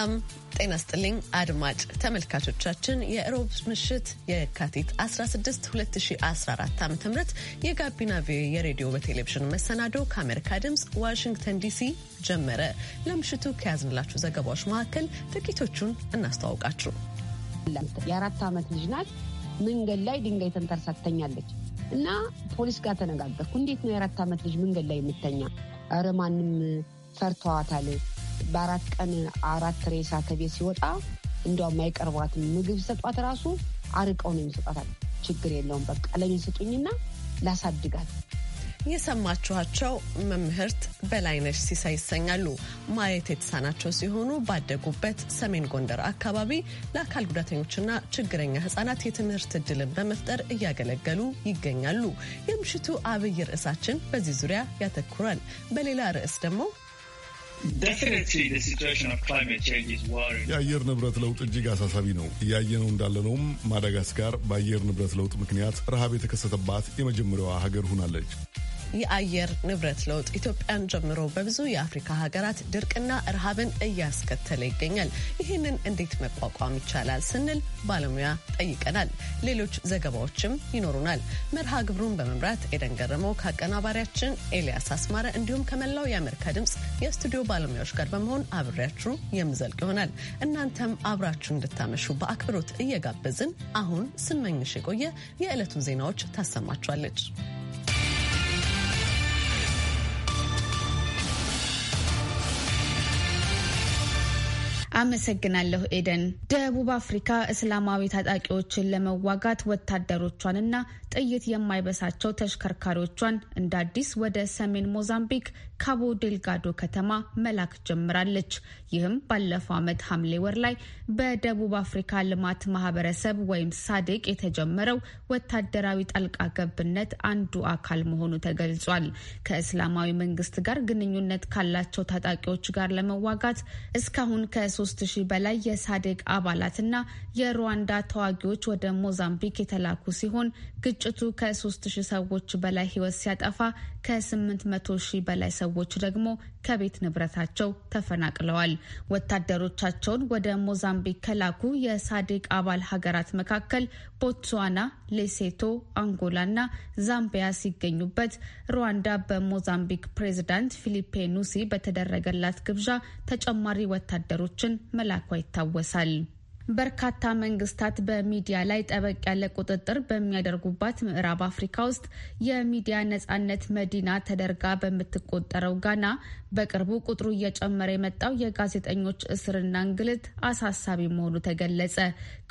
ሰላም ጤና ስጥልኝ አድማጭ ተመልካቾቻችን፣ የሮብ ምሽት የካቲት 16 2014 ዓ ም የጋቢና ቪ የሬዲዮ በቴሌቪዥን መሰናዶ ከአሜሪካ ድምፅ ዋሽንግተን ዲሲ ጀመረ። ለምሽቱ ከያዝንላችሁ ዘገባዎች መካከል ጥቂቶቹን እናስተዋውቃችሁ። የአራት ዓመት ልጅ ናት። መንገድ ላይ ድንጋይ ትተኛለች እና ፖሊስ ጋር ተነጋገርኩ። እንዴት ነው የአራት ዓመት ልጅ መንገድ ላይ የምተኛ? ኧረ ማንም ፈርተዋታል በአራት ቀን አራት ሬሳ ከቤት ሲወጣ እንዲያውም አይቀርቧትም። ምግብ ሰጧት ራሱ አርቀው ነው የሚሰጧታል። ችግር የለውም በቃ ለምን ስጡኝና ላሳድጋት። የሰማችኋቸው መምህርት በላይነሽ ሲሳይ ይሰኛሉ። ማየት የተሳናቸው ሲሆኑ ባደጉበት ሰሜን ጎንደር አካባቢ ለአካል ጉዳተኞችና ችግረኛ ህጻናት የትምህርት እድልን በመፍጠር እያገለገሉ ይገኛሉ። የምሽቱ አብይ ርዕሳችን በዚህ ዙሪያ ያተኩራል። በሌላ ርዕስ ደግሞ የአየር ንብረት ለውጥ እጅግ አሳሳቢ ነው። እያየነው እንዳለነውም ማዳጋስካር በአየር ንብረት ለውጥ ምክንያት ረሃብ የተከሰተባት የመጀመሪያዋ ሀገር ሆናለች። የአየር ንብረት ለውጥ ኢትዮጵያን ጀምሮ በብዙ የአፍሪካ ሀገራት ድርቅና እርሃብን እያስከተለ ይገኛል። ይህንን እንዴት መቋቋም ይቻላል ስንል ባለሙያ ጠይቀናል። ሌሎች ዘገባዎችም ይኖሩናል። መርሃ ግብሩን በመምራት ኤደን ገረመው ከአቀናባሪያችን ኤልያስ አስማረ እንዲሁም ከመላው የአሜሪካ ድምፅ የስቱዲዮ ባለሙያዎች ጋር በመሆን አብሬያችሁ የምዘልቅ ይሆናል። እናንተም አብራችሁ እንድታመሹ በአክብሮት እየጋበዝን አሁን ስመኝሽ የቆየ የዕለቱን ዜናዎች ታሰማችኋለች። አመሰግናለሁ ኤደን። ደቡብ አፍሪካ እስላማዊ ታጣቂዎችን ለመዋጋት ወታደሮቿንና ጥይት የማይበሳቸው ተሽከርካሪዎቿን እንደ አዲስ ወደ ሰሜን ሞዛምቢክ ካቦ ዴልጋዶ ከተማ መላክ ጀምራለች። ይህም ባለፈው ዓመት ሐምሌ ወር ላይ በደቡብ አፍሪካ ልማት ማህበረሰብ ወይም ሳዴቅ የተጀመረው ወታደራዊ ጣልቃ ገብነት አንዱ አካል መሆኑ ተገልጿል። ከእስላማዊ መንግስት ጋር ግንኙነት ካላቸው ታጣቂዎች ጋር ለመዋጋት እስካሁን ከሶስት ሺህ በላይ የሳዴቅ አባላትና የሩዋንዳ ተዋጊዎች ወደ ሞዛምቢክ የተላኩ ሲሆን ግጭቱ ከ3 ሰዎች በላይ ህይወት ሲያጠፋ ከ800 ሺህ በላይ ሰዎች ሰዎች ደግሞ ከቤት ንብረታቸው ተፈናቅለዋል። ወታደሮቻቸውን ወደ ሞዛምቢክ ከላኩ የሳዴቅ አባል ሀገራት መካከል ቦትስዋና፣ ሌሴቶ፣ አንጎላ እና ዛምቢያ ሲገኙበት ሩዋንዳ በሞዛምቢክ ፕሬዚዳንት ፊሊፔ ኑሲ በተደረገላት ግብዣ ተጨማሪ ወታደሮችን መላኳ ይታወሳል። በርካታ መንግስታት በሚዲያ ላይ ጠበቅ ያለ ቁጥጥር በሚያደርጉባት ምዕራብ አፍሪካ ውስጥ የሚዲያ ነጻነት መዲና ተደርጋ በምትቆጠረው ጋና በቅርቡ ቁጥሩ እየጨመረ የመጣው የጋዜጠኞች እስርና እንግልት አሳሳቢ መሆኑ ተገለጸ።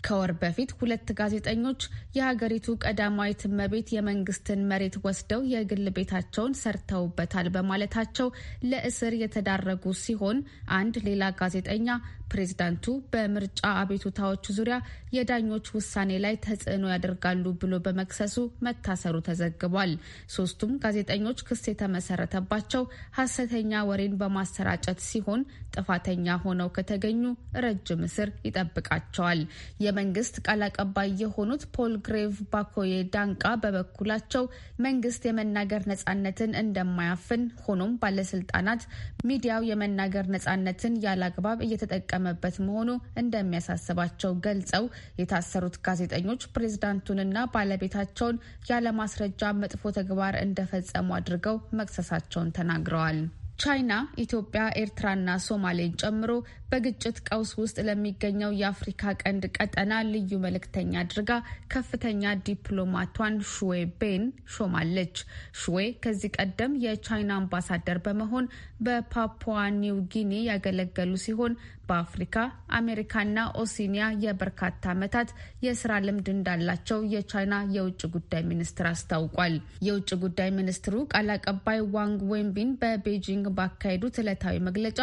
ከወር በፊት ሁለት ጋዜጠኞች የሀገሪቱ ቀዳማዊት እመቤት የመንግስትን መሬት ወስደው የግል ቤታቸውን ሰርተውበታል በማለታቸው ለእስር የተዳረጉ ሲሆን አንድ ሌላ ጋዜጠኛ ፕሬዚዳንቱ በምርጫ አቤቱታዎቹ ዙሪያ የዳኞች ውሳኔ ላይ ተጽዕኖ ያደርጋሉ ብሎ በመክሰሱ መታሰሩ ተዘግቧል። ሶስቱም ጋዜጠኞች ክስ የተመሰረተባቸው ሐሰተኛ ወሬን በማሰራጨት ሲሆን ጥፋተኛ ሆነው ከተገኙ ረጅም እስር ይጠብቃቸዋል። የመንግስት ቃል አቀባይ የሆኑት ፖል ግሬቭ ባኮዬ ዳንቃ በበኩላቸው መንግስት የመናገር ነጻነትን እንደማያፍን ሆኖም ባለስልጣናት ሚዲያው የመናገር ነጻነትን ያለ አግባብ እየተጠቀ የተጠቀመበት መሆኑ እንደሚያሳስባቸው ገልጸው የታሰሩት ጋዜጠኞች ፕሬዝዳንቱንና ባለቤታቸውን ያለማስረጃ መጥፎ ተግባር እንደፈጸሙ አድርገው መክሰሳቸውን ተናግረዋል። ቻይና ኢትዮጵያ፣ ኤርትራና ሶማሌን ጨምሮ በግጭት ቀውስ ውስጥ ለሚገኘው የአፍሪካ ቀንድ ቀጠና ልዩ መልእክተኛ አድርጋ ከፍተኛ ዲፕሎማቷን ሹዌ ቤን ሾማለች። ሹዌ ከዚህ ቀደም የቻይና አምባሳደር በመሆን በፓፑዋ ኒው ጊኒ ያገለገሉ ሲሆን በአፍሪካ አሜሪካና ኦሲኒያ የበርካታ ዓመታት የስራ ልምድ እንዳላቸው የቻይና የውጭ ጉዳይ ሚኒስትር አስታውቋል። የውጭ ጉዳይ ሚኒስትሩ ቃል አቀባይ ዋንግ ዌንቢን በቤጂንግ ባካሄዱት ዕለታዊ መግለጫ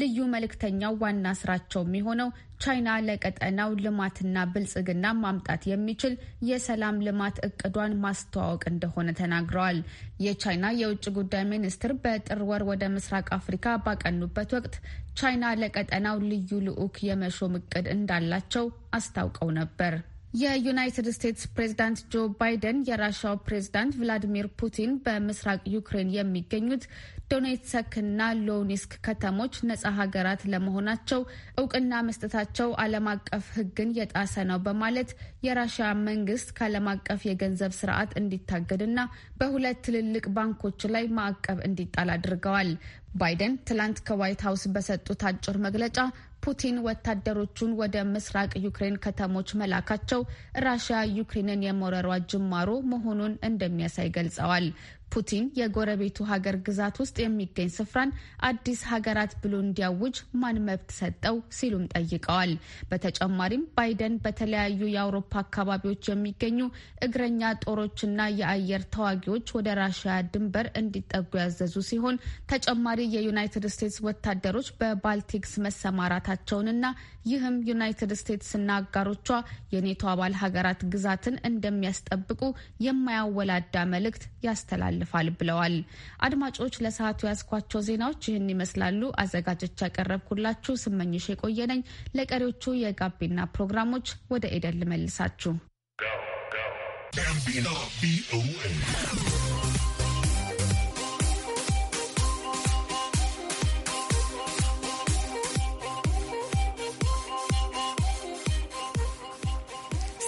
ልዩ መልእክተኛው ዋና ስራቸው የሚሆነው ቻይና ለቀጠናው ልማትና ብልጽግና ማምጣት የሚችል የሰላም ልማት እቅዷን ማስተዋወቅ እንደሆነ ተናግረዋል። የቻይና የውጭ ጉዳይ ሚኒስትር በጥር ወር ወደ ምስራቅ አፍሪካ ባቀኑበት ወቅት ቻይና ለቀጠናው ልዩ ልዑክ የመሾም እቅድ እንዳላቸው አስታውቀው ነበር። የዩናይትድ ስቴትስ ፕሬዝዳንት ጆ ባይደን የራሻው ፕሬዝዳንት ቭላዲሚር ፑቲን በምስራቅ ዩክሬን የሚገኙት ዶኔትስክና ሎኒስክ ከተሞች ነጻ ሀገራት ለመሆናቸው እውቅና መስጠታቸው ዓለም አቀፍ ሕግን የጣሰ ነው በማለት የራሽያ መንግስት ከዓለም አቀፍ የገንዘብ ስርዓት እንዲታገድና በሁለት ትልልቅ ባንኮች ላይ ማዕቀብ እንዲጣል አድርገዋል። ባይደን ትላንት ከዋይት ሀውስ በሰጡት አጭር መግለጫ ፑቲን ወታደሮቹን ወደ ምስራቅ ዩክሬን ከተሞች መላካቸው ራሽያ ዩክሬንን የመረሯ ጅማሮ መሆኑን እንደሚያሳይ ገልጸዋል። ፑቲን የጎረቤቱ ሀገር ግዛት ውስጥ የሚገኝ ስፍራን አዲስ ሀገራት ብሎ እንዲያውጅ ማን መብት ሰጠው ሲሉም ጠይቀዋል። በተጨማሪም ባይደን በተለያዩ የአውሮፓ አካባቢዎች የሚገኙ እግረኛ ጦሮችና የአየር ተዋጊዎች ወደ ራሽያ ድንበር እንዲጠጉ ያዘዙ ሲሆን ተጨማሪ የዩናይትድ ስቴትስ ወታደሮች በባልቲክስ መሰማራታቸውንና ይህም ዩናይትድ ስቴትስና አጋሮቿ የኔቶ አባል ሀገራት ግዛትን እንደሚያስጠብቁ የማያወላዳ መልእክት ያስተላልፋል ብለዋል። አድማጮች ለሰዓቱ ያስኳቸው ዜናዎች ይህን ይመስላሉ። አዘጋጆች ያቀረብኩላችሁ ስመኝሽ የቆየ ነኝ። ለቀሪዎቹ የጋቢና ፕሮግራሞች ወደ ኤደን ልመልሳችሁ።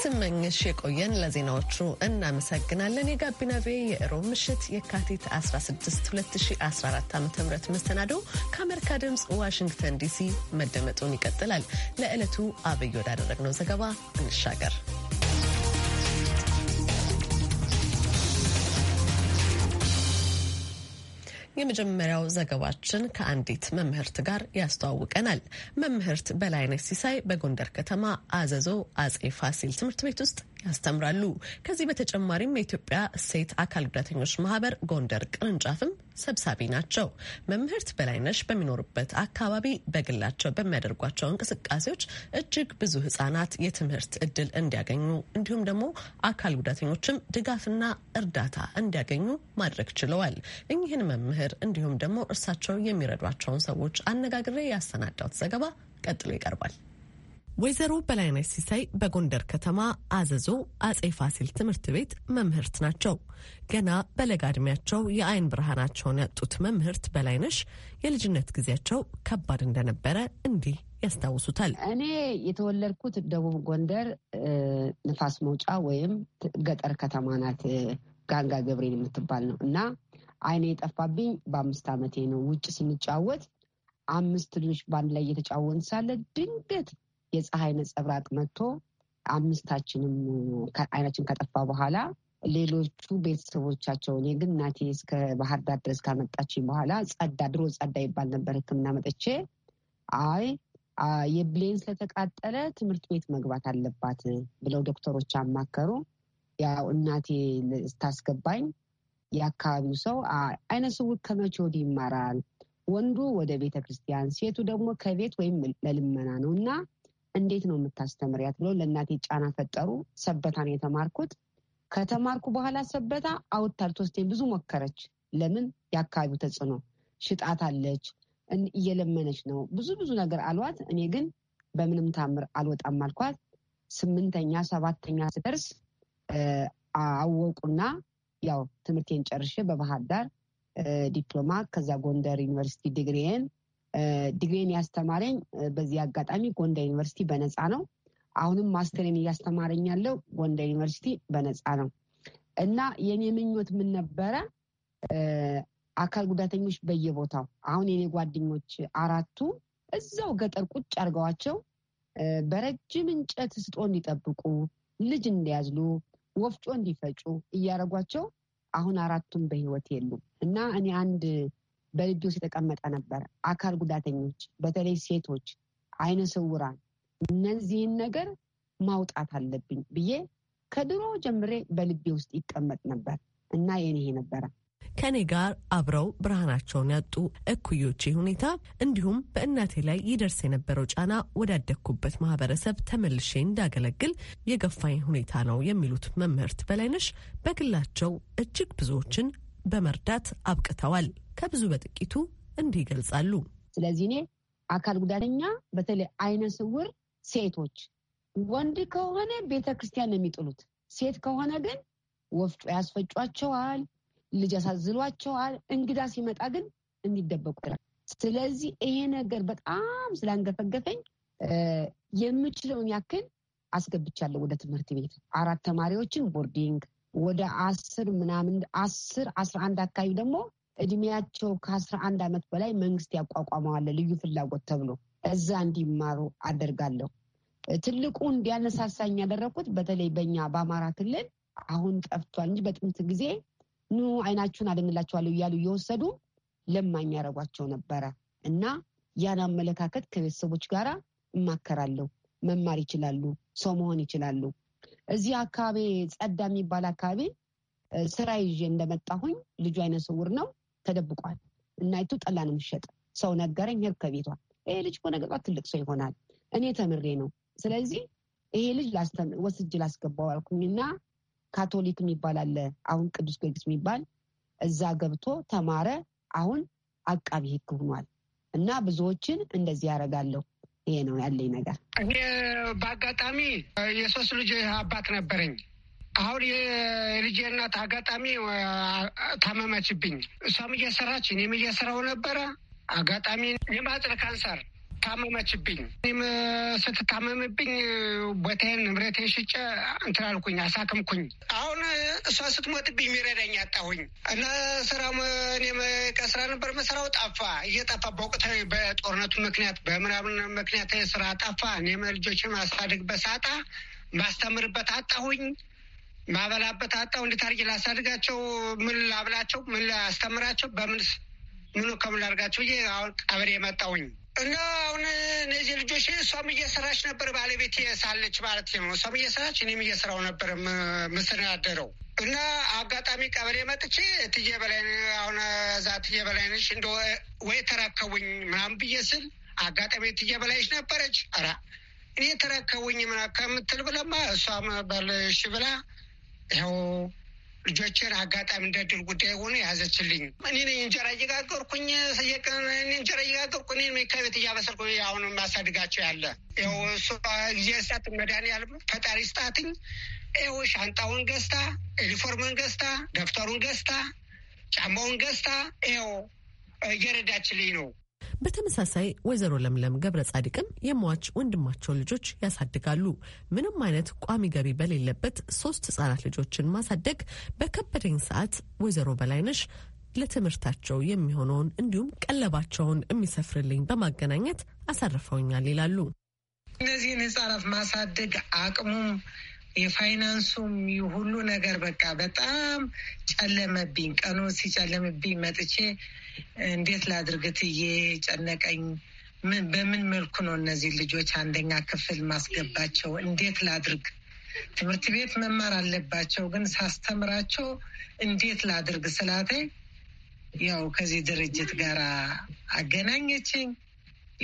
ስመኝሽ የቆየን ለዜናዎቹ እናመሰግናለን። የጋቢና ቪ የእሮብ ምሽት የካቲት 16 2014 ዓ ም መሰናዶው ከአሜሪካ ድምፅ ዋሽንግተን ዲሲ መደመጡን ይቀጥላል። ለዕለቱ አብይ ወዳደረግነው ዘገባ እንሻገር። የመጀመሪያው ዘገባችን ከአንዲት መምህርት ጋር ያስተዋውቀናል። መምህርት በላይነት ሲሳይ በጎንደር ከተማ አዘዞ አጼ ፋሲል ትምህርት ቤት ውስጥ ያስተምራሉ። ከዚህ በተጨማሪም የኢትዮጵያ ሴት አካል ጉዳተኞች ማህበር ጎንደር ቅርንጫፍም ሰብሳቢ ናቸው። መምህርት በላይነሽ በሚኖሩበት አካባቢ በግላቸው በሚያደርጓቸው እንቅስቃሴዎች እጅግ ብዙ ህጻናት የትምህርት እድል እንዲያገኙ እንዲሁም ደግሞ አካል ጉዳተኞችም ድጋፍና እርዳታ እንዲያገኙ ማድረግ ችለዋል። እኚህን መምህር እንዲሁም ደግሞ እርሳቸው የሚረዷቸውን ሰዎች አነጋግሬ ያሰናዳውት ዘገባ ቀጥሎ ይቀርባል። ወይዘሮ በላይነሽ ሲሳይ በጎንደር ከተማ አዘዞ አጼ ፋሲል ትምህርት ቤት መምህርት ናቸው። ገና በለጋ ዕድሜያቸው የአይን ብርሃናቸውን ያጡት መምህርት በላይነሽ የልጅነት ጊዜያቸው ከባድ እንደነበረ እንዲህ ያስታውሱታል። እኔ የተወለድኩት ደቡብ ጎንደር ንፋስ መውጫ ወይም ገጠር ከተማ ናት፣ ጋንጋ ገብሬን የምትባል ነው እና አይኔ የጠፋብኝ በአምስት ዓመቴ ነው። ውጭ ስንጫወት አምስት ልጆች በአንድ ላይ እየተጫወን ሳለ ድንገት የፀሐይ ነጸብራቅ መጥቶ አምስታችንም አይናችን ከጠፋ በኋላ ሌሎቹ ቤተሰቦቻቸውን እኔ ግን እናቴ እስከ ባህር ዳር ድረስ ካመጣችኝ በኋላ ጸዳ ድሮ ጸዳ ይባል ነበር ህክምና መጥቼ አይ የብሌን ስለተቃጠለ ትምህርት ቤት መግባት አለባት ብለው ዶክተሮች አማከሩ። ያው እናቴ ስታስገባኝ የአካባቢው ሰው አይነ ስውር ከመቼ ወዲህ ይማራል? ወንዱ ወደ ቤተ ክርስቲያን፣ ሴቱ ደግሞ ከቤት ወይም ለልመና ነው እና እንዴት ነው የምታስተምሪያት ብሎ ለእናቴ ጫና ፈጠሩ። ሰበታን የተማርኩት ከተማርኩ በኋላ ሰበታ አውታል ቶስቴን ብዙ ሞከረች። ለምን የአካባቢው ተጽዕኖ ሽጣታለች፣ እየለመነች ነው ብዙ ብዙ ነገር አሏት። እኔ ግን በምንም ታምር አልወጣም አልኳት። ስምንተኛ ሰባተኛ ስደርስ አወቁና ያው ትምህርቴን ጨርሼ በባህር ዳር ዲፕሎማ ከዛ ጎንደር ዩኒቨርሲቲ ዲግሪዬን ዲግሪን ያስተማረኝ በዚህ አጋጣሚ ጎንደ ዩኒቨርሲቲ በነፃ ነው። አሁንም ማስተሬን እያስተማረኝ ያለው ጎንደ ዩኒቨርሲቲ በነፃ ነው እና የኔ ምኞት ምን ነበረ? አካል ጉዳተኞች በየቦታው አሁን የኔ ጓደኞች አራቱ እዛው ገጠር ቁጭ አድርገዋቸው በረጅም እንጨት ስጦ እንዲጠብቁ፣ ልጅ እንዲያዝሉ፣ ወፍጮ እንዲፈጩ እያደረጓቸው አሁን አራቱም በህይወት የሉም እና እኔ አንድ በልጆ የተቀመጠ ነበር። አካል ጉዳተኞች፣ በተለይ ሴቶች፣ አይነ ስውራን እነዚህን ነገር ማውጣት አለብኝ ብዬ ከድሮ ጀምሬ በልቤ ውስጥ ይቀመጥ ነበር እና የኔ ነበረ። ከኔ ጋር አብረው ብርሃናቸውን ያጡ እኩዮቼ ሁኔታ እንዲሁም በእናቴ ላይ ይደርስ የነበረው ጫና ወዳደግኩበት ማህበረሰብ ተመልሼ እንዳገለግል የገፋኝ ሁኔታ ነው የሚሉት መምህርት በላይነሽ በግላቸው እጅግ ብዙዎችን በመርዳት አብቅተዋል። ከብዙ በጥቂቱ እንዲህ ይገልጻሉ። ስለዚህ እኔ አካል ጉዳተኛ በተለይ አይነ ስውር ሴቶች ወንድ ከሆነ ቤተ ክርስቲያን ነው የሚጥሉት። ሴት ከሆነ ግን ወፍጮ ያስፈጯቸዋል፣ ልጅ ያሳዝሏቸዋል። እንግዳ ሲመጣ ግን እንዲደበቁ። ስለዚህ ይሄ ነገር በጣም ስላንገፈገፈኝ የምችለውን ያክል አስገብቻለሁ ወደ ትምህርት ቤት አራት ተማሪዎችን ቦርዲንግ ወደ አስር ምናምን አስር አስራ አንድ አካባቢ ደግሞ እድሜያቸው ከአስራ አንድ ዓመት በላይ መንግስት ያቋቋመዋል ልዩ ፍላጎት ተብሎ እዛ እንዲማሩ አደርጋለሁ። ትልቁ እንዲያነሳሳኝ ያደረግኩት በተለይ በኛ በአማራ ክልል አሁን ጠፍቷል እንጂ በጥንት ጊዜ ኑ አይናችሁን አደንላቸዋለሁ እያሉ እየወሰዱ ለማኝ ያደረጓቸው ነበረ እና ያን አመለካከት ከቤተሰቦች ጋር እማከራለሁ። መማር ይችላሉ። ሰው መሆን ይችላሉ። እዚህ አካባቢ ጸዳ የሚባል አካባቢ ስራ ይዤ እንደመጣሁኝ ልጁ አይነ ስውር ነው፣ ተደብቋል። እናይቱ ጠላ ነው የሚሸጥ ሰው ነገረኝ። ሄድ ከቤቷ ይሄ ልጅ ከሆነ ገጧ ትልቅ ሰው ይሆናል። እኔ ተምሬ ነው። ስለዚህ ይሄ ልጅ ወስጅ ላስገባው እና ካቶሊክ የሚባል አለ አሁን ቅዱስ ጊዮርጊስ የሚባል እዛ ገብቶ ተማረ። አሁን አቃቢ ህግ ሆኗል እና ብዙዎችን እንደዚህ ያደርጋለሁ። ይሄ ነው ያለኝ ነገር። እኔ በአጋጣሚ የሶስት ልጅ አባት ነበረኝ። አሁን የልጄ እናት አጋጣሚ ታመመችብኝ። እሷም እየሰራች እኔም እየሰራው ነበረ። አጋጣሚ የማህፀን ካንሰር ታመመችብኝ። እኔም ስትታመምብኝ ቦታዬን ንብረቴን ሽጬ እንትን አልኩኝ፣ አሳክምኩኝ። አሁን እሷ ስትሞትብኝ የሚረዳኝ አጣሁኝ እና ስራ ከስራ ነበር መሰራው ጠፋ። እየጠፋ በወቅታዊ በጦርነቱ ምክንያት በምናምን ምክንያት ስራ ጠፋ። እኔም ልጆች ማሳደግበት ሳጣ ማስተምርበት አጣሁኝ ማበላበት አጣሁ። እንዴት አድርጌ ላሳድጋቸው? ምን ላብላቸው? ምን ላስተምራቸው? በምን ምኑ ከምን ላድርጋቸው? አሁን ቀበሌ መጣሁኝ። እና አሁን እነዚህ ልጆች እሷም እየሰራች ነበር ባለቤት ሳለች ማለት ነው። እሷም እየሰራች እኔም እየሰራው ነበር ምስተዳደረው እና አጋጣሚ ቀበሌ መጥቼ እትዬ በላይ አሁን እዛ እትዬ በላይ ነች እንደ ወይ ተረከቡኝ ምናምን ብዬ ስል አጋጣሚ እትዬ በላይች ነበረች። ኧረ እኔ ተረከቡኝ ምናምን ከምትል ብለማ እሷም በልሽ ብላ ያው ልጆችን አጋጣሚ እንደ ድል ጉዳይ ሆኖ ያዘችልኝ። እኔ ነኝ። እንጀራ እየጋገርኩኝ የቀን እንጀራ እየጋገርኩኝ ከቤት እያበሰርኩ አሁን ማሳድጋቸው ያለ ው እሱ ጊዜ ስጣት መድኃኒዓለም ፈጣሪ ስጣትኝ። ው ሻንጣውን ገዝታ፣ ዩኒፎርምን ገዝታ፣ ደብተሩን ገዝታ፣ ጫማውን ገዝታ ው እየረዳችልኝ ነው። በተመሳሳይ ወይዘሮ ለምለም ገብረ ጻድቅም የሟች ወንድማቸውን ልጆች ያሳድጋሉ። ምንም አይነት ቋሚ ገቢ በሌለበት ሶስት ህጻናት ልጆችን ማሳደግ በከበደኝ ሰዓት ወይዘሮ በላይነሽ ለትምህርታቸው የሚሆነውን እንዲሁም ቀለባቸውን የሚሰፍርልኝ በማገናኘት አሳርፈውኛል ይላሉ። እነዚህን ህጻናት ማሳደግ አቅሙም የፋይናንሱም ሁሉ ነገር በቃ በጣም ጨለመብኝ። ቀኑ ሲጨለምብኝ መጥቼ እንዴት ላድርግት ጨነቀኝ በምን መልኩ ነው እነዚህ ልጆች አንደኛ ክፍል ማስገባቸው? እንዴት ላድርግ? ትምህርት ቤት መማር አለባቸው፣ ግን ሳስተምራቸው እንዴት ላድርግ ስላቴ ያው ከዚህ ድርጅት ጋር አገናኘችኝ።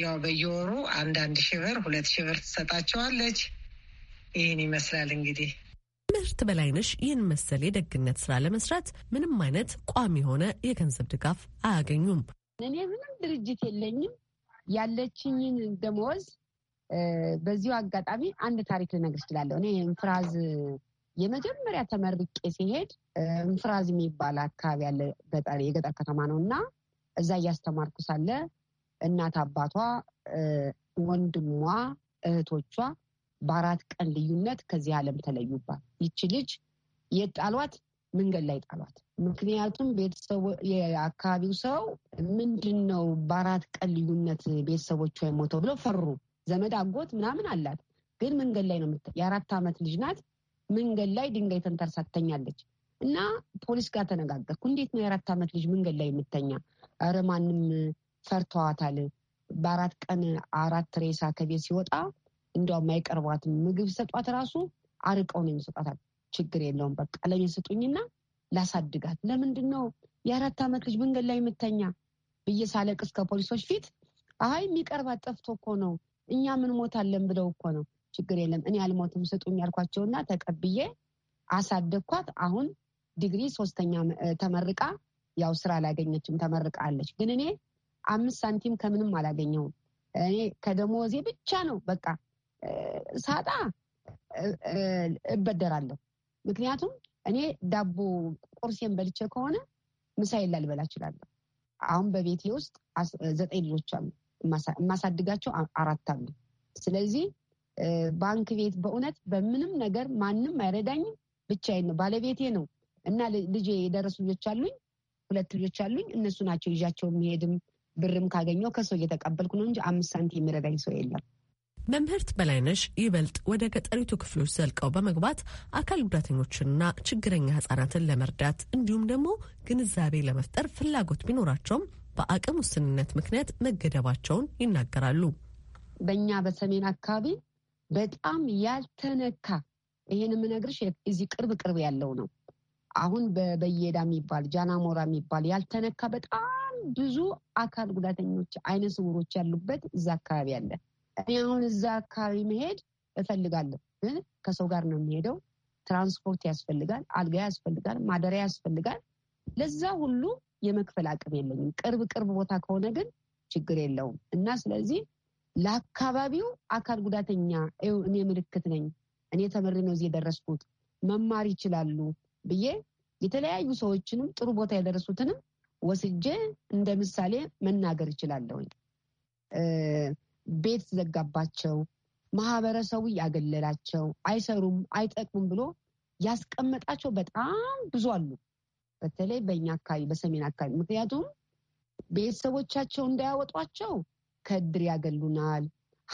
ያው በየወሩ አንዳንድ ሺህ ብር ሁለት ሺህ ብር ትሰጣቸዋለች። ይህን ይመስላል እንግዲህ ትምህርት በላይነሽ ይህን መሰል የደግነት ስራ ለመስራት ምንም አይነት ቋሚ የሆነ የገንዘብ ድጋፍ አያገኙም። እኔ ምንም ድርጅት የለኝም። ያለችኝን ደመወዝ በዚሁ አጋጣሚ አንድ ታሪክ ልነግር እችላለሁ። እኔ እንፍራዝ የመጀመሪያ ተመርቄ ሲሄድ እንፍራዝ የሚባል አካባቢ ያለ የገጠር ከተማ ነው እና እዛ እያስተማርኩ ሳለ እናት አባቷ፣ ወንድሟ፣ እህቶቿ በአራት ቀን ልዩነት ከዚህ ዓለም ተለዩባት። ይቺ ልጅ የት ጣሏት? መንገድ ላይ ጣሏት። ምክንያቱም ቤተሰቡ የአካባቢው ሰው ምንድን ነው በአራት ቀን ልዩነት ቤተሰቦቿ የሞተው ብለው ፈሩ። ዘመድ አጎት ምናምን አላት፣ ግን መንገድ ላይ ነው የአራት ዓመት ልጅ ናት። መንገድ ላይ ድንጋይ ተንተርሳ ትተኛለች እና ፖሊስ ጋር ተነጋገርኩ። እንዴት ነው የአራት ዓመት ልጅ መንገድ ላይ የምተኛ? ኧረ ማንም ፈርተዋታል። በአራት ቀን አራት ሬሳ ከቤት ሲወጣ እንዲያውም አይቀርቧትም። ምግብ ሰጧት ራሱ አርቀው ነው የሚሰጧታል። ችግር የለውም በቃ ለኔ ስጡኝና ላሳድጋት። ለምንድን ነው የአራት ዓመት ልጅ መንገድ ላይ የምተኛ ብዬ ሳለቅስ ከፖሊሶች ፊት አይ የሚቀርባት ጠፍቶ እኮ ነው እኛ ምን ሞታለን ብለው እኮ ነው። ችግር የለም እኔ አልሞትም ስጡኝ ያልኳቸውና ተቀብዬ አሳደግኳት። አሁን ዲግሪ ሶስተኛ ተመርቃ ያው ስራ አላገኘችም፣ ተመርቃለች። ግን እኔ አምስት ሳንቲም ከምንም አላገኘውም። እኔ ከደሞዜ ብቻ ነው በቃ ሳጣ እበደራለሁ። ምክንያቱም እኔ ዳቦ ቁርሴን በልቼ ከሆነ ምሳዬን ላልበላ እችላለሁ። አሁን በቤቴ ውስጥ ዘጠኝ ልጆች አሉ፣ የማሳድጋቸው አራት አሉ። ስለዚህ ባንክ ቤት በእውነት በምንም ነገር ማንም አይረዳኝም፣ ብቻዬን ነው። ባለቤቴ ነው እና ልጄ የደረሱ ልጆች አሉኝ፣ ሁለት ልጆች አሉኝ። እነሱ ናቸው ይዣቸው የሚሄድም ብርም ካገኘው ከሰው እየተቀበልኩ ነው እንጂ አምስት ሳንቲም የሚረዳኝ ሰው የለም። መምህርት በላይነሽ ይበልጥ ወደ ገጠሪቱ ክፍሎች ዘልቀው በመግባት አካል ጉዳተኞችንና ችግረኛ ህጻናትን ለመርዳት እንዲሁም ደግሞ ግንዛቤ ለመፍጠር ፍላጎት ቢኖራቸውም በአቅም ውስንነት ምክንያት መገደባቸውን ይናገራሉ። በእኛ በሰሜን አካባቢ በጣም ያልተነካ ይሄን የምነግርሽ እዚህ ቅርብ ቅርብ ያለው ነው። አሁን በበየዳ የሚባል ጃናሞራ የሚባል ያልተነካ በጣም ብዙ አካል ጉዳተኞች አይነ ስውሮች ያሉበት እዛ አካባቢ አለ። እኔ አሁን እዛ አካባቢ መሄድ እፈልጋለሁ፣ ግን ከሰው ጋር ነው የሚሄደው። ትራንስፖርት ያስፈልጋል፣ አልጋ ያስፈልጋል፣ ማደሪያ ያስፈልጋል። ለዛ ሁሉ የመክፈል አቅም የለኝም። ቅርብ ቅርብ ቦታ ከሆነ ግን ችግር የለውም እና ስለዚህ ለአካባቢው አካል ጉዳተኛ እኔ ምልክት ነኝ፣ እኔ ተመሪ ነው እዚህ የደረስኩት መማር ይችላሉ ብዬ የተለያዩ ሰዎችንም ጥሩ ቦታ የደረሱትንም ወስጄ እንደ ምሳሌ መናገር ይችላለሁ። ቤት ዘጋባቸው፣ ማህበረሰቡ ያገለላቸው፣ አይሰሩም፣ አይጠቅሙም ብሎ ያስቀመጣቸው በጣም ብዙ አሉ። በተለይ በእኛ አካባቢ፣ በሰሜን አካባቢ ምክንያቱም ቤተሰቦቻቸው እንዳያወጧቸው ከእድር ያገሉናል፣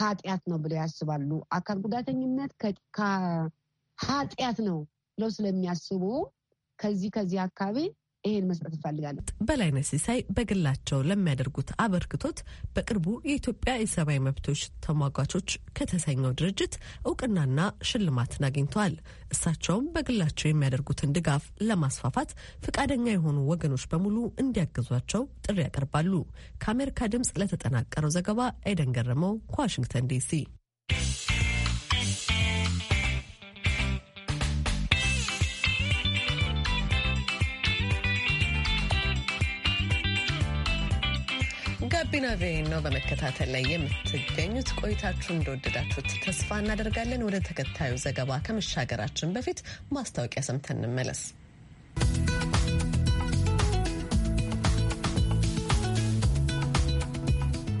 ኃጢአት ነው ብለው ያስባሉ። አካል ጉዳተኝነት ኃጢአት ነው ብለው ስለሚያስቡ ከዚህ ከዚህ አካባቢ ይሄን መስጠት እፈልጋለሁ። በላይነህ ሲሳይ በግላቸው ለሚያደርጉት አበርክቶት በቅርቡ የኢትዮጵያ የሰብአዊ መብቶች ተሟጋቾች ከተሰኘው ድርጅት እውቅናና ሽልማትን አግኝተዋል። እሳቸውም በግላቸው የሚያደርጉትን ድጋፍ ለማስፋፋት ፈቃደኛ የሆኑ ወገኖች በሙሉ እንዲያግዟቸው ጥሪ ያቀርባሉ። ከአሜሪካ ድምፅ ለተጠናቀረው ዘገባ ኤደን ገረመው ከዋሽንግተን ዲሲ ጋቢና ቬን ነው በመከታተል ላይ የምትገኙት። ቆይታችሁ እንደወደዳችሁት ተስፋ እናደርጋለን። ወደ ተከታዩ ዘገባ ከመሻገራችን በፊት ማስታወቂያ ሰምተን እንመለስ።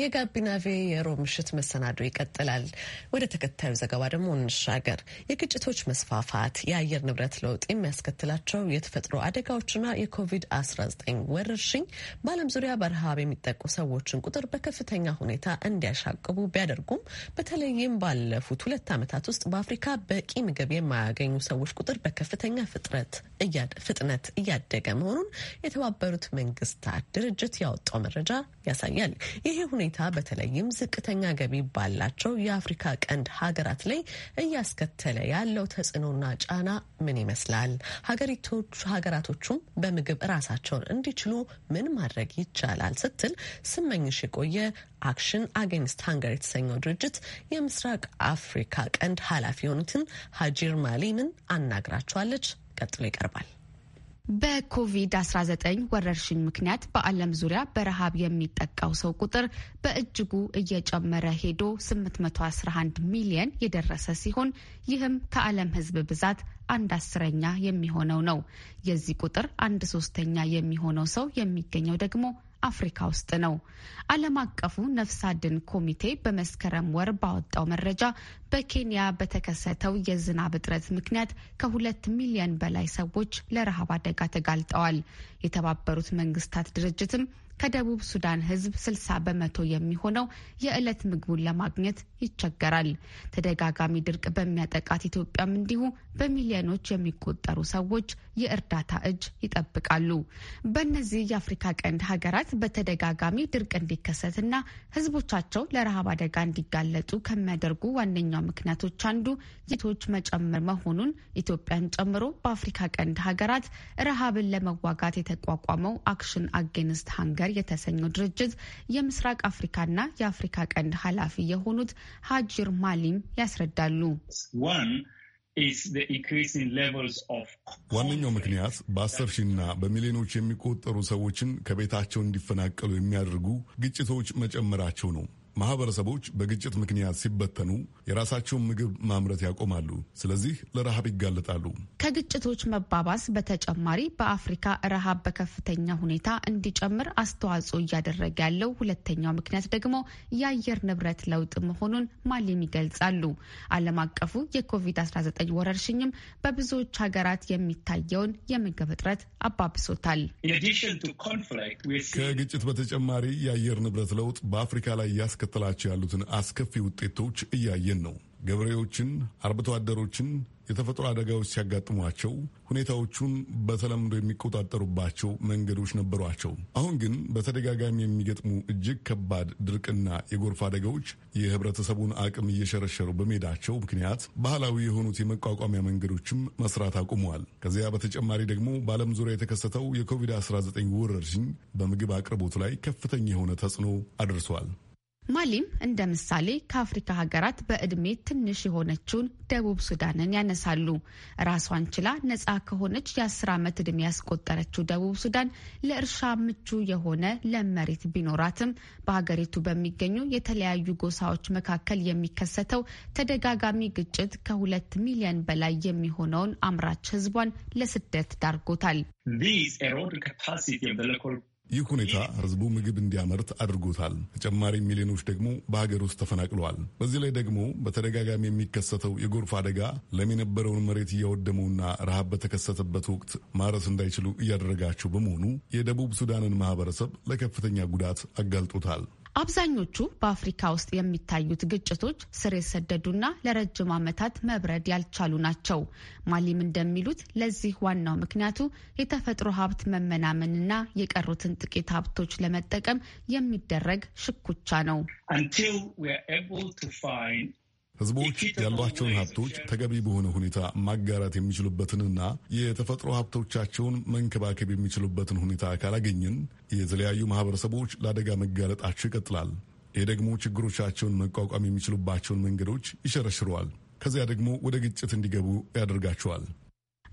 የጋቢና ቬ የሮብ ምሽት መሰናዶ ይቀጥላል። ወደ ተከታዩ ዘገባ ደግሞ እንሻገር። የግጭቶች መስፋፋት፣ የአየር ንብረት ለውጥ የሚያስከትላቸው የተፈጥሮ አደጋዎችና የኮቪድ-19 ወረርሽኝ በዓለም ዙሪያ በረሃብ የሚጠቁ ሰዎችን ቁጥር በከፍተኛ ሁኔታ እንዲያሻቅቡ ቢያደርጉም በተለይም ባለፉት ሁለት ዓመታት ውስጥ በአፍሪካ በቂ ምግብ የማያገኙ ሰዎች ቁጥር በከፍተኛ ፍጥነት እያደገ መሆኑን የተባበሩት መንግስታት ድርጅት ያወጣው መረጃ ያሳያል። ይሄ ሁኔታ በተለይም ዝቅተኛ ገቢ ባላቸው የአፍሪካ ቀንድ ሀገራት ላይ እያስከተለ ያለው ተጽዕኖና ጫና ምን ይመስላል? ሀገሪቶቹ ሀገራቶቹም በምግብ ራሳቸውን እንዲችሉ ምን ማድረግ ይቻላል? ስትል ስመኝሽ የቆየ አክሽን አጌንስት ሀንገር የተሰኘው ድርጅት የምስራቅ አፍሪካ ቀንድ ኃላፊ የሆኑትን ሀጂር ማሊምን አናግራቸዋለች። ቀጥሎ ይቀርባል። በኮቪድ-19 ወረርሽኝ ምክንያት በዓለም ዙሪያ በረሃብ የሚጠቃው ሰው ቁጥር በእጅጉ እየጨመረ ሄዶ 811 ሚሊየን የደረሰ ሲሆን ይህም ከዓለም ሕዝብ ብዛት አንድ አስረኛ የሚሆነው ነው። የዚህ ቁጥር አንድ ሶስተኛ የሚሆነው ሰው የሚገኘው ደግሞ አፍሪካ ውስጥ ነው። ዓለም አቀፉ ነፍስ አድን ኮሚቴ በመስከረም ወር ባወጣው መረጃ በኬንያ በተከሰተው የዝናብ እጥረት ምክንያት ከሁለት ሚሊዮን በላይ ሰዎች ለረሃብ አደጋ ተጋልጠዋል። የተባበሩት መንግስታት ድርጅትም ከደቡብ ሱዳን ሕዝብ 60 በመቶ የሚሆነው የዕለት ምግቡን ለማግኘት ይቸገራል። ተደጋጋሚ ድርቅ በሚያጠቃት ኢትዮጵያም እንዲሁ በሚሊዮኖች የሚቆጠሩ ሰዎች የእርዳታ እጅ ይጠብቃሉ። በእነዚህ የአፍሪካ ቀንድ ሀገራት በተደጋጋሚ ድርቅ እንዲከሰትና ሕዝቦቻቸው ለረሃብ አደጋ እንዲጋለጡ ከሚያደርጉ ዋነኛው ምክንያቶች አንዱ ቶች መጨመር መሆኑን ኢትዮጵያን ጨምሮ በአፍሪካ ቀንድ ሀገራት ረሃብን ለመዋጋት የተቋቋመው አክሽን አጌንስት ሀንገር ማህበር የተሰኘው ድርጅት የምስራቅ አፍሪካና የአፍሪካ ቀንድ ኃላፊ የሆኑት ሀጅር ማሊም ያስረዳሉ። ዋነኛው ምክንያት በአስር ሺና በሚሊዮኖች የሚቆጠሩ ሰዎችን ከቤታቸው እንዲፈናቀሉ የሚያደርጉ ግጭቶች መጨመራቸው ነው። ማህበረሰቦች በግጭት ምክንያት ሲበተኑ የራሳቸውን ምግብ ማምረት ያቆማሉ። ስለዚህ ለረሃብ ይጋለጣሉ። ከግጭቶች መባባስ በተጨማሪ በአፍሪካ ረሃብ በከፍተኛ ሁኔታ እንዲጨምር አስተዋጽኦ እያደረገ ያለው ሁለተኛው ምክንያት ደግሞ የአየር ንብረት ለውጥ መሆኑን ማሊም ይገልጻሉ። ዓለም አቀፉ የኮቪድ-19 ወረርሽኝም በብዙዎች ሀገራት የሚታየውን የምግብ እጥረት አባብሶታል። ከግጭት በተጨማሪ የአየር ንብረት ለውጥ በአፍሪካ ላይ ያስከ እያስከተላቸው ያሉትን አስከፊ ውጤቶች እያየን ነው። ገበሬዎችን፣ አርብቶ አደሮችን የተፈጥሮ አደጋዎች ሲያጋጥሟቸው ሁኔታዎቹን በተለምዶ የሚቆጣጠሩባቸው መንገዶች ነበሯቸው። አሁን ግን በተደጋጋሚ የሚገጥሙ እጅግ ከባድ ድርቅና የጎርፍ አደጋዎች የህብረተሰቡን አቅም እየሸረሸሩ በመሄዳቸው ምክንያት ባህላዊ የሆኑት የመቋቋሚያ መንገዶችም መስራት አቁመዋል። ከዚያ በተጨማሪ ደግሞ በዓለም ዙሪያ የተከሰተው የኮቪድ-19 ወረርሽኝ በምግብ አቅርቦት ላይ ከፍተኛ የሆነ ተጽዕኖ አድርሷል። ማሊም እንደ ምሳሌ ከአፍሪካ ሀገራት በእድሜ ትንሽ የሆነችውን ደቡብ ሱዳንን ያነሳሉ። ራሷን ችላ ነጻ ከሆነች የአስር ዓመት እድሜ ያስቆጠረችው ደቡብ ሱዳን ለእርሻ ምቹ የሆነ ለም መሬት ቢኖራትም በሀገሪቱ በሚገኙ የተለያዩ ጎሳዎች መካከል የሚከሰተው ተደጋጋሚ ግጭት ከሁለት ሚሊዮን በላይ የሚሆነውን አምራች ህዝቧን ለስደት ዳርጎታል። ይህ ሁኔታ ህዝቡ ምግብ እንዲያመርት አድርጎታል። ተጨማሪ ሚሊዮኖች ደግሞ በሀገር ውስጥ ተፈናቅለዋል። በዚህ ላይ ደግሞ በተደጋጋሚ የሚከሰተው የጎርፍ አደጋ ለም የነበረውን መሬት እያወደመውና ረሃብ በተከሰተበት ወቅት ማረስ እንዳይችሉ እያደረጋቸው በመሆኑ የደቡብ ሱዳንን ማህበረሰብ ለከፍተኛ ጉዳት አጋልጦታል። አብዛኞቹ በአፍሪካ ውስጥ የሚታዩት ግጭቶች ስር የሰደዱና ለረጅም ዓመታት መብረድ ያልቻሉ ናቸው። ማሊም እንደሚሉት ለዚህ ዋናው ምክንያቱ የተፈጥሮ ሀብት መመናመንና የቀሩትን ጥቂት ሀብቶች ለመጠቀም የሚደረግ ሽኩቻ ነው። ህዝቦች ያሏቸውን ሀብቶች ተገቢ በሆነ ሁኔታ ማጋራት የሚችሉበትንና የተፈጥሮ ሀብቶቻቸውን መንከባከብ የሚችሉበትን ሁኔታ ካላገኝን የተለያዩ ማህበረሰቦች ለአደጋ መጋለጣቸው ይቀጥላል። ይህ ደግሞ ችግሮቻቸውን መቋቋም የሚችሉባቸውን መንገዶች ይሸረሽረዋል። ከዚያ ደግሞ ወደ ግጭት እንዲገቡ ያደርጋቸዋል።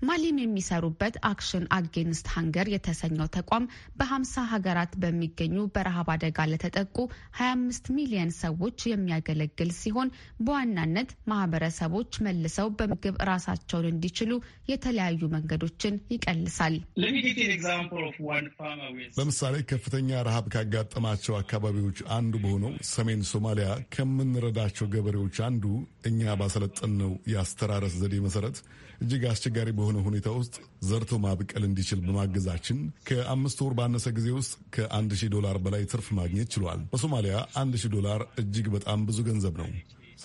ማሊም የሚሰሩበት አክሽን አጌንስት ሀንገር የተሰኘው ተቋም በ50 ሀገራት በሚገኙ በረሃብ አደጋ ለተጠቁ 25 ሚሊየን ሰዎች የሚያገለግል ሲሆን በዋናነት ማህበረሰቦች መልሰው በምግብ ራሳቸውን እንዲችሉ የተለያዩ መንገዶችን ይቀልሳል። ለምሳሌ ከፍተኛ ረሃብ ካጋጠማቸው አካባቢዎች አንዱ በሆነው ሰሜን ሶማሊያ ከምንረዳቸው ገበሬዎች አንዱ እኛ ባሰለጠን ነው የአስተራረስ ዘዴ መሰረት እጅግ አስቸጋሪ በሆነ ሁኔታ ውስጥ ዘርቶ ማብቀል እንዲችል በማገዛችን ከአምስት ወር ባነሰ ጊዜ ውስጥ ከአንድ ሺህ ዶላር በላይ ትርፍ ማግኘት ችሏል። በሶማሊያ አንድ ሺህ ዶላር እጅግ በጣም ብዙ ገንዘብ ነው።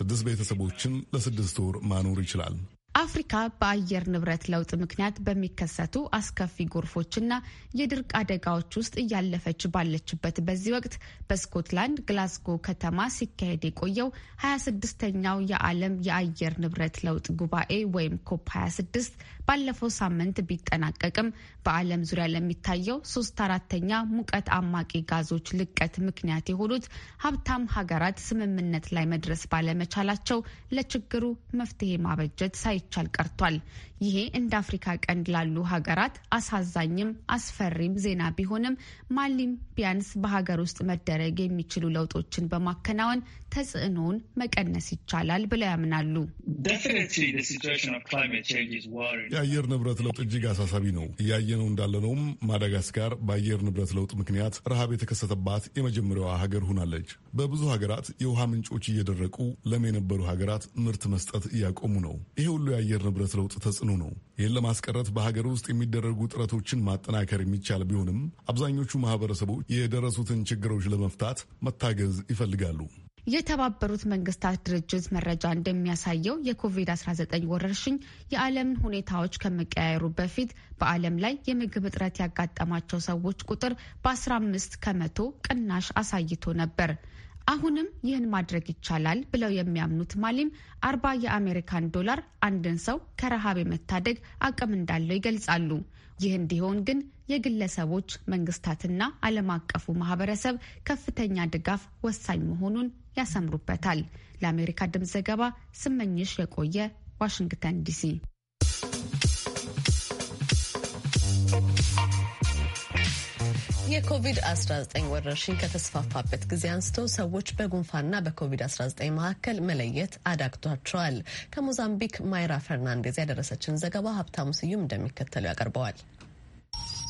ስድስት ቤተሰቦችን ለስድስት ወር ማኖር ይችላል። አፍሪካ በአየር ንብረት ለውጥ ምክንያት በሚከሰቱ አስከፊ ጎርፎችና የድርቅ አደጋዎች ውስጥ እያለፈች ባለችበት በዚህ ወቅት በስኮትላንድ ግላስጎ ከተማ ሲካሄድ የቆየው 26ኛው የዓለም የአየር ንብረት ለውጥ ጉባኤ ወይም ኮፕ 26 ባለፈው ሳምንት ቢጠናቀቅም በዓለም ዙሪያ ለሚታየው ሶስት አራተኛ ሙቀት አማቂ ጋዞች ልቀት ምክንያት የሆኑት ሀብታም ሀገራት ስምምነት ላይ መድረስ ባለመቻላቸው ለችግሩ መፍትሄ ማበጀት ሳይ derecho al cartual ይሄ እንደ አፍሪካ ቀንድ ላሉ ሀገራት አሳዛኝም አስፈሪም ዜና ቢሆንም ማሊም ቢያንስ በሀገር ውስጥ መደረግ የሚችሉ ለውጦችን በማከናወን ተጽዕኖውን መቀነስ ይቻላል ብለው ያምናሉ። የአየር ንብረት ለውጥ እጅግ አሳሳቢ ነው። እያየነው እንዳለነውም ማዳጋስካር በአየር ንብረት ለውጥ ምክንያት ረሃብ የተከሰተባት የመጀመሪያዋ ሀገር ሆናለች። በብዙ ሀገራት የውሃ ምንጮች እየደረቁ ለም የነበሩ ሀገራት ምርት መስጠት እያቆሙ ነው። ይሄ ሁሉ የአየር ንብረት ለውጥ ተጽዕኖ መሆኑ ነው። ይህን ለማስቀረት በሀገር ውስጥ የሚደረጉ ጥረቶችን ማጠናከር የሚቻል ቢሆንም አብዛኞቹ ማህበረሰቦች የደረሱትን ችግሮች ለመፍታት መታገዝ ይፈልጋሉ። የተባበሩት መንግስታት ድርጅት መረጃ እንደሚያሳየው የኮቪድ-19 ወረርሽኝ የዓለምን ሁኔታዎች ከመቀያየሩ በፊት በዓለም ላይ የምግብ እጥረት ያጋጠማቸው ሰዎች ቁጥር በ15 ከመቶ ቅናሽ አሳይቶ ነበር። አሁንም ይህን ማድረግ ይቻላል ብለው የሚያምኑት ማሊም አርባ የአሜሪካን ዶላር አንድን ሰው ከረሃብ የመታደግ አቅም እንዳለው ይገልጻሉ። ይህ እንዲሆን ግን የግለሰቦች መንግስታትና ዓለም አቀፉ ማህበረሰብ ከፍተኛ ድጋፍ ወሳኝ መሆኑን ያሰምሩበታል። ለአሜሪካ ድምፅ ዘገባ ስመኝሽ የቆየ ዋሽንግተን ዲሲ የኮቪድ-19 ወረርሽኝ ከተስፋፋበት ጊዜ አንስቶ ሰዎች በጉንፋንና በኮቪድ-19 መካከል መለየት አዳግቷቸዋል። ከሞዛምቢክ ማይራ ፈርናንዴዝ ያደረሰችን ዘገባ ሀብታሙ ስዩም እንደሚከተሉ ያቀርበዋል።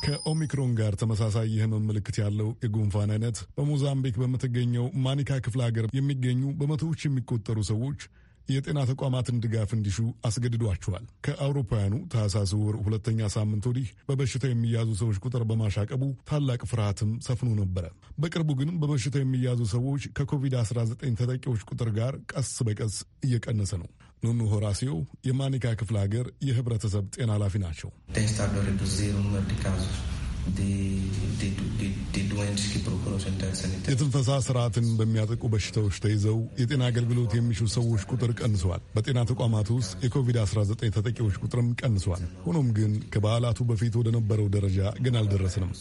ከኦሚክሮን ጋር ተመሳሳይ የህመም ምልክት ያለው የጉንፋን አይነት በሞዛምቢክ በምትገኘው ማኒካ ክፍለ ሀገር የሚገኙ በመቶዎች የሚቆጠሩ ሰዎች የጤና ተቋማትን ድጋፍ እንዲሹ አስገድዷቸዋል። ከአውሮፓውያኑ ታህሳስ ወር ሁለተኛ ሳምንት ወዲህ በበሽታ የሚያዙ ሰዎች ቁጥር በማሻቀቡ ታላቅ ፍርሃትም ሰፍኖ ነበረ። በቅርቡ ግን በበሽታ የሚያዙ ሰዎች ከኮቪድ-19 ተጠቂዎች ቁጥር ጋር ቀስ በቀስ እየቀነሰ ነው። ኑኑ ሆራሲዮ የማኒካ ክፍለ ሀገር የህብረተሰብ ጤና ኃላፊ ናቸው። የትንፈሳ ስርዓትን በሚያጠቁ በሽታዎች ተይዘው የጤና አገልግሎት የሚሹ ሰዎች ቁጥር ቀንሷል። በጤና ተቋማት ውስጥ የኮቪድ-19 ተጠቂዎች ቁጥርም ቀንሷል። ሆኖም ግን ከበዓላቱ በፊት ወደ ነበረው ደረጃ ግን አልደረስንም።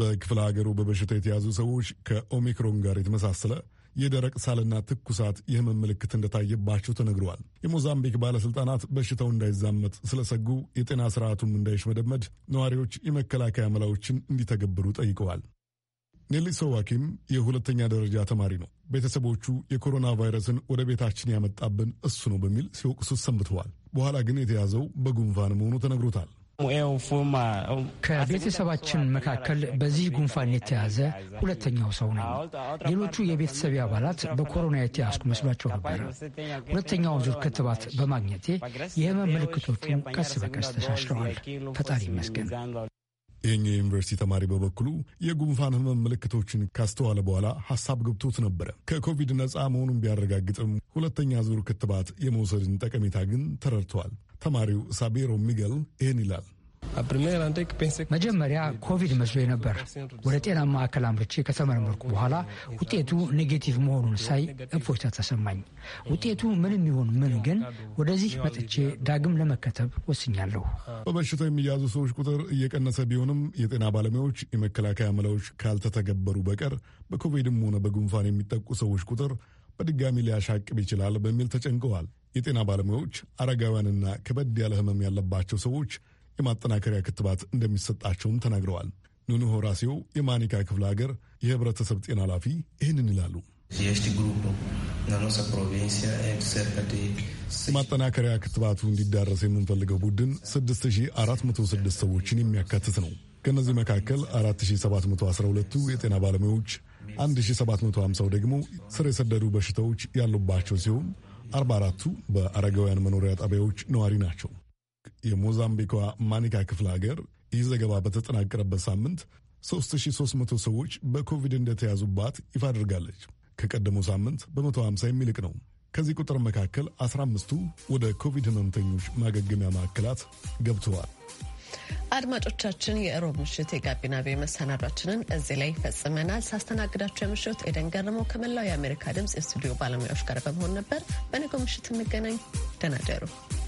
በክፍለ ሀገሩ በበሽታ የተያዙ ሰዎች ከኦሚክሮን ጋር የተመሳሰለ የደረቅ ሳልና ትኩሳት የህመም ምልክት እንደታየባቸው ተነግረዋል። የሞዛምቢክ ባለስልጣናት በሽታው እንዳይዛመት ስለሰጉ የጤና ስርዓቱም እንዳይሽመደመድ ነዋሪዎች የመከላከያ መላዎችን እንዲተገብሩ ጠይቀዋል። ኔሊሶ ዋኪም የሁለተኛ ደረጃ ተማሪ ነው። ቤተሰቦቹ የኮሮና ቫይረስን ወደ ቤታችን ያመጣብን እሱ ነው በሚል ሲወቅሱት ሰንብተዋል። በኋላ ግን የተያዘው በጉንፋን መሆኑ ተነግሮታል። ከቤተሰባችን መካከል በዚህ ጉንፋን የተያዘ ሁለተኛው ሰው ነው። ሌሎቹ የቤተሰብ አባላት በኮሮና የተያዝኩ መስሏቸው ነበር። ሁለተኛው ዙር ክትባት በማግኘቴ የህመም ምልክቶቹ ቀስ በቀስ ተሻሽለዋል። ፈጣሪ ይመስገን። ይህኛው የዩኒቨርሲቲ ተማሪ በበኩሉ የጉንፋን ህመም ምልክቶችን ካስተዋለ በኋላ ሀሳብ ገብቶት ነበረ። ከኮቪድ ነፃ መሆኑን ቢያረጋግጥም ሁለተኛ ዙር ክትባት የመውሰድን ጠቀሜታ ግን ተረድተዋል። ተማሪው ሳቤሮ ሚገል ይህን ይላል። መጀመሪያ ኮቪድ መስሎ ነበር። ወደ ጤና ማዕከል አምርቼ ከተመረመርኩ በኋላ ውጤቱ ኔጌቲቭ መሆኑን ሳይ እፎይታ ተሰማኝ። ውጤቱ ምንም ይሁን ምን ግን ወደዚህ መጥቼ ዳግም ለመከተብ ወስኛለሁ። ah. በበሽታው የሚያዙ ሰዎች ቁጥር እየቀነሰ ቢሆንም የጤና ባለሙያዎች የመከላከያ መላዎች ካልተተገበሩ በቀር በኮቪድም ሆነ በጉንፋን የሚጠቁ ሰዎች ቁጥር በድጋሚ ሊያሻቅብ ይችላል በሚል ተጨንቀዋል። የጤና ባለሙያዎች አረጋውያንና ከበድ ያለ ህመም ያለባቸው ሰዎች የማጠናከሪያ ክትባት እንደሚሰጣቸውም ተናግረዋል። ኑኑ ሆራሴው የማኒካ ክፍለ ሀገር የህብረተሰብ ጤና ኃላፊ ይህንን ይላሉ። የማጠናከሪያ ክትባቱ እንዲዳረስ የምንፈልገው ቡድን 6406 ሰዎችን የሚያካትት ነው። ከእነዚህ መካከል 4712ቱ የጤና ባለሙያዎች 1750 ደግሞ ስር የሰደዱ በሽታዎች ያሉባቸው ሲሆን 44ቱ በአረጋውያን መኖሪያ ጣቢያዎች ነዋሪ ናቸው። የሞዛምቢኳ ማኒካ ክፍለ ሀገር ይህ ዘገባ በተጠናቀረበት ሳምንት 3300 ሰዎች በኮቪድ እንደተያዙባት ይፋ አድርጋለች። ከቀደመው ሳምንት በ150 የሚልቅ ነው። ከዚህ ቁጥር መካከል 15ቱ ወደ ኮቪድ ህመምተኞች ማገገሚያ ማዕከላት ገብተዋል። አድማጮቻችን የእሮብ ምሽት የጋቢና ቤ መሰናዷችንን እዚህ ላይ ፈጽመናል። ሳስተናግዳቸው የምሽት ኤደን ገርመው ከመላው የአሜሪካ ድምፅ የስቱዲዮ ባለሙያዎች ጋር በመሆን ነበር። በነገው ምሽት እንገናኝ። ደህና ደሩ።